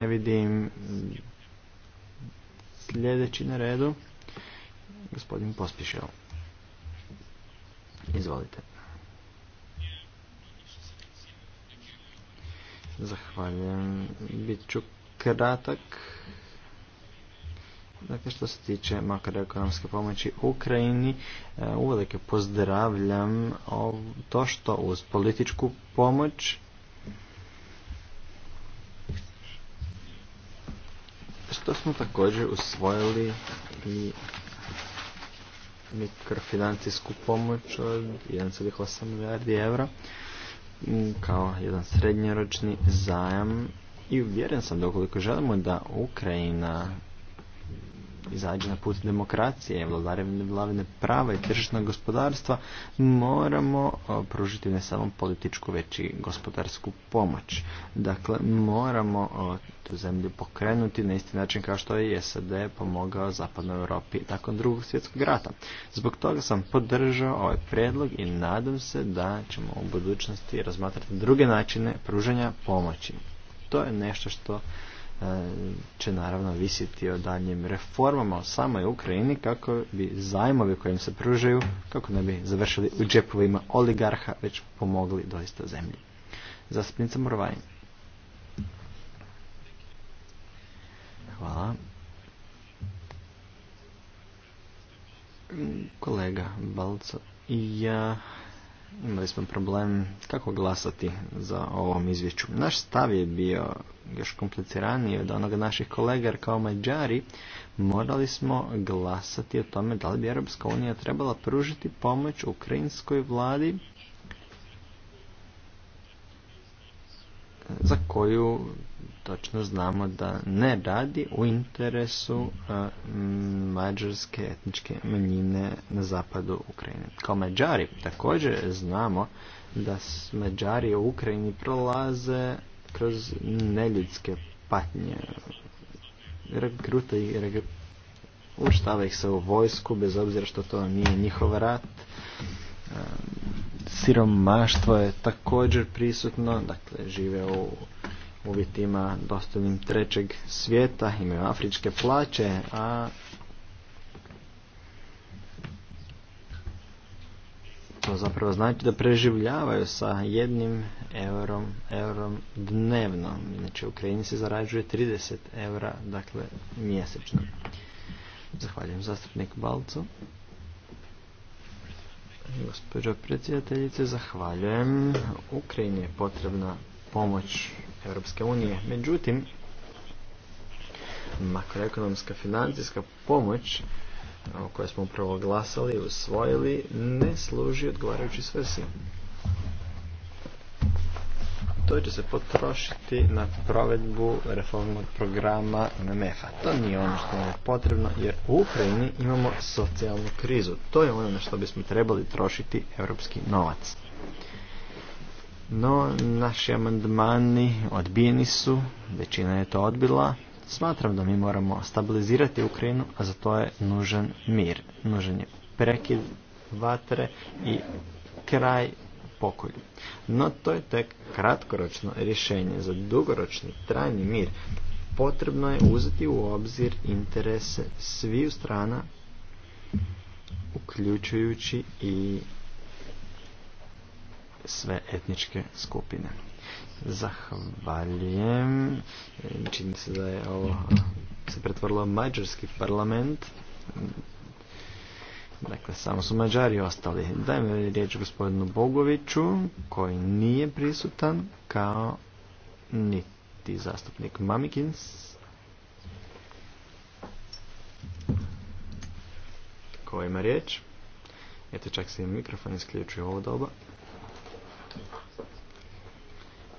ne vidim sljedeći na redu gospodin Pospišel izvolite zahvaljujem bit ću kratak dakle što se tiče makroekonomske pomoći Ukrajini e, uvelike pozdravljam to što uz političku pomoć To smo također usvojili i mikrofinancijsku pomoć od 1,8 milijardi evra mm, kao jedan srednjoročni zajam i uvjeren sam da ukoliko želimo da Ukrajina izađe na put demokracije, vladine prava i tržišnog gospodarstva, moramo pružiti ne samo političku, već i gospodarsku pomoć. Dakle, moramo tu zemlju pokrenuti na isti način kao što je SAD pomogao zapadnoj Europi nakon drugog svjetskog rata. Zbog toga sam podržao ovaj prijedlog i nadam se da ćemo u budućnosti razmatrati druge načine pružanja pomoći. To je nešto što E, će naravno visiti o daljnjim reformama o samoj Ukrajini kako bi zajmovi kojim se pružaju kako ne bi završili u džepovima oligarha već pomogli doista zemlji. Zastupnica Morvajn. Hvala. Kolega Balco i ja imali smo problem kako glasati za ovom izvješću. Naš stav je bio još kompliciraniji od onoga naših kolega, jer kao Mađari morali smo glasati o tome da li bi Europska unija trebala pružiti pomoć ukrajinskoj vladi za koju točno znamo da ne radi u interesu mađarske etničke manjine na zapadu Ukrajine. Kao Mađari također znamo da Mađari u Ukrajini prolaze kroz neljudske patnje. Rekruta ih se u vojsku bez obzira što to nije njihov rat. siromaštvo je također prisutno, dakle žive u uvjetima dostojnim trećeg svijeta, imaju afričke plaće, a to zapravo znači da preživljavaju sa jednim eurom, eurom dnevno. Znači u Ukrajini se zarađuje 30 eura, dakle mjesečno. Zahvaljujem zastupnik Balcu. Gospođo predsjedateljice, zahvaljujem. Ukrajini je potrebna pomoć Europske unije. Međutim, makroekonomska financijska pomoć o kojoj smo upravo glasali i usvojili ne služi odgovarajući svrsi. To će se potrošiti na provedbu reformnog programa MMF-a. To nije ono što nam je potrebno jer u Ukrajini imamo socijalnu krizu. To je ono na što bismo trebali trošiti europski novac. No, naši amandmani odbijeni su, većina je to odbila. Smatram da mi moramo stabilizirati Ukrajinu, a za to je nužan mir. Nužan je prekid vatre i kraj pokolju. No, to je tek kratkoročno rješenje. Za dugoročni, trajni mir potrebno je uzeti u obzir interese sviju strana, uključujući i sve etničke skupine. Zahvaljujem. Čini se da je ovo se pretvorilo mađarski parlament. Dakle, samo su Mađari ostali. dajme riječ gospodinu Bogoviću, koji nije prisutan, kao niti zastupnik Mamikins. Ko ima riječ? Eto, čak se i mikrofon isključuje ovo doba.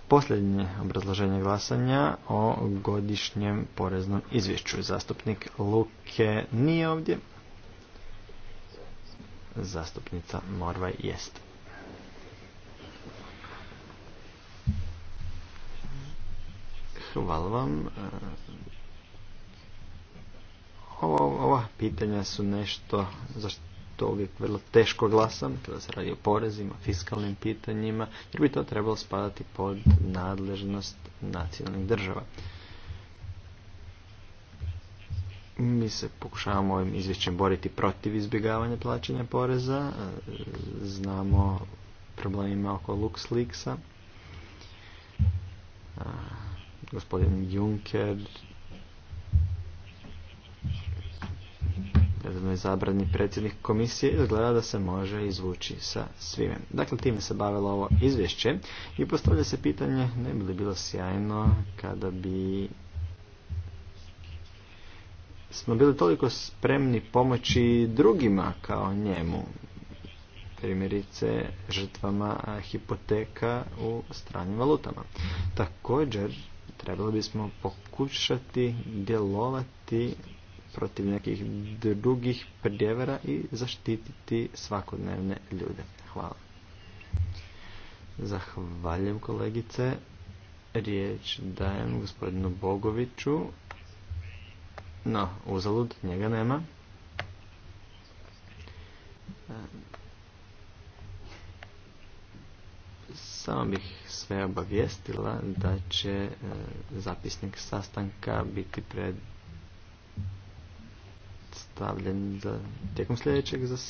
Posljednje obrazloženje glasanja o godišnjem poreznom izvješću. Zastupnik Luke nije ovdje. Zastupnica Morvaj jest. Hvala vam. ova pitanja su nešto za to uvijek vrlo teško glasam, kada se radi o porezima, fiskalnim pitanjima, jer bi to trebalo spadati pod nadležnost nacionalnih država. Mi se pokušavamo ovim izvješćem boriti protiv izbjegavanja plaćanja poreza. E, znamo problemima oko LuxLeaksa. Gospodin Juncker izabrani predsjednik komisije izgleda da se može izvući sa svime. Dakle, time se bavilo ovo izvješće i postavlja se pitanje ne bi li bilo sjajno kada bi smo bili toliko spremni pomoći drugima kao njemu. Primjerice žrtvama hipoteka u stranim valutama. Također trebalo bismo pokušati djelovati protiv nekih drugih prijevara i zaštititi svakodnevne ljude. Hvala. Zahvaljujem kolegice. Riječ dajem gospodinu Bogoviću. No, uzalud, njega nema. Samo bih sve obavijestila da će e, zapisnik sastanka biti pred predstavljen za tijekom sljedećeg zasjedanja.